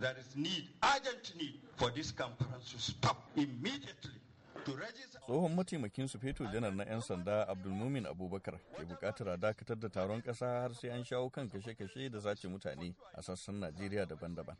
There is need, urgent need for this conference to stop immediately. tsohon mataimakin su feto janar na 'yan sanda abdulmumin abubakar ke bukatar a dakatar da taron kasa har sai an shawo kan kashe-kashe da zace mutane a sassan najeriya daban-daban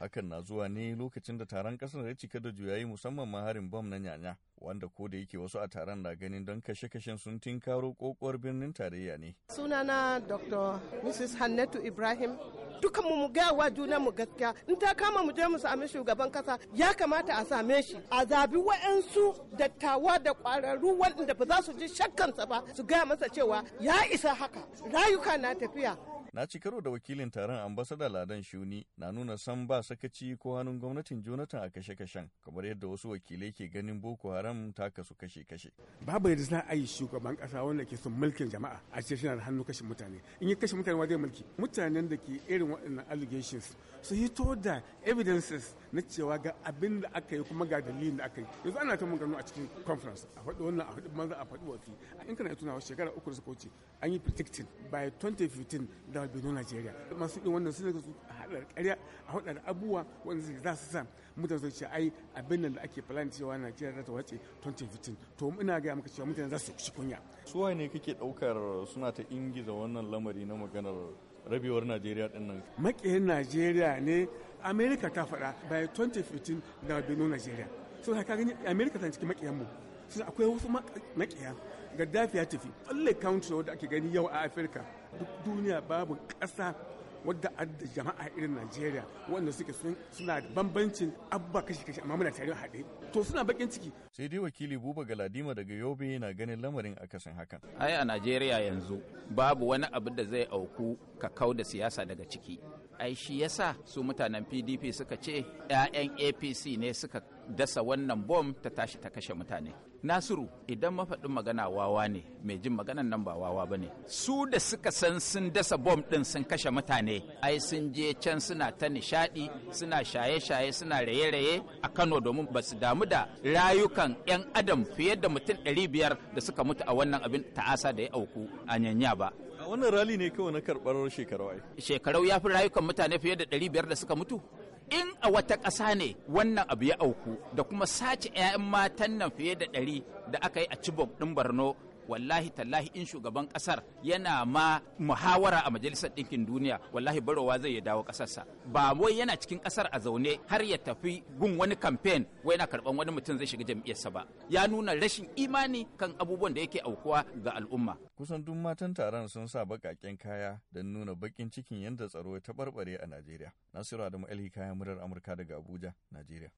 Hakan na zuwa ne lokacin da taron kasar ya cika da juyayi musamman ma harin bom na nyanya, wanda ko da yake wasu a taron na ganin don kashe-kashen sun tinkaro kokowar birnin tarayya ne. Sunana Dr. Mrs. Hannatu Ibrahim dukan mu gaya wa juna mu gaskiya in ta kama mu je mu sami shugaban kasa ya kamata a same shi a zabi wa'ansu dattawa da kwararru waɗanda ba za su ji shakkansa ba su gaya masa cewa ya isa haka rayuka na tafiya Na ci karo da wakilin taron ambasada Ladan Shuni na nuna san ba sakaci ko hannun gwamnatin Jonathan a kashe-kashen kamar yadda wasu wakilai ke ganin Boko Haram ta kasu kashe-kashe. Babu yadda za a yi shugaban kasa wanda ke son mulkin jama'a a ce suna da hannu kashe mutane. In yi kashe mutane wajen mulki. Mutanen da ke irin waɗannan allegations su to da evidences na cewa ga abin da aka yi kuma ga dalilin da aka yi. Yanzu ana ta mun gano a cikin conference a faɗi wannan a faɗi banza a faɗi wafi. In kana tunawa shekara uku da suka wuce an yi predicting by 2015 da benin najeriya masu irin wannan suna su haɗar ƙarya a haɗar abubuwa wanda za su sa mutane su ce ai abin nan da ake plan cewa najeriya za ta wace 2015 to ina gaya maka cewa mutane za su ci kunya su ne kake ɗaukar suna ta ingiza wannan lamari na maganar rabewar najeriya din nan makiyin najeriya ne america ta faɗa by 2015 da benin najeriya so haka gani america ta cikin makiyan mu akwai wasu makiya gaddafi ya tafi tsalle country wadda ake gani yau a afirka duk duniya babu kasa wadda adda jama'a irin najeriya wanda suke suna da bambancin abubuwa kashi kashi amma muna tare haɗe to suna bakin ciki sai dai wakili buba galadima daga yobe na ganin lamarin akasin hakan ai a najeriya yanzu babu wani abu da zai auku kakau da siyasa daga ciki ai shi yasa su mutanen pdp suka ce 'ya'yan apc ne suka dasa wannan bom ta tashi ta kashe mutane nasiru idan mafaɗin magana wawa ne mai jin maganan nan ba wawa ba ne su da suka san sun dasa bom ɗin sun kashe mutane ai sun je can suna ta nishaɗi suna shaye-shaye suna raye-raye a kano domin ba su damu da rayukan 'yan adam fiye da mutum ɗari biyar da suka mutu a wannan abin ta'asa da ya auku a nyanya ba wannan rali ne kawai na karɓar shekarau ai shekarau ya fi rayukan mutane fiye da ɗari biyar da suka mutu in a wata ƙasa ne wannan abu ya auku da kuma sace 'ya'yan matan nan fiye da ɗari da aka yi a cibok ɗin borno wallahi tallahi in shugaban kasar yana ma muhawara a majalisar ɗinkin duniya wallahi barowa zai ya dawo kasarsa ba wai yana cikin kasar a zaune har ya tafi gun wani kamfen wai yana karban wani mutum zai shiga jam'iyyarsa ba ya nuna rashin imani kan abubuwan da yake aukuwa ga al'umma kusan duk matan taron sun sa baƙaƙen kaya don nuna baƙin cikin yadda tsaro ya taɓarɓare a Najeriya Nasiru Adamu alhi kayan murar Amurka daga Abuja Najeriya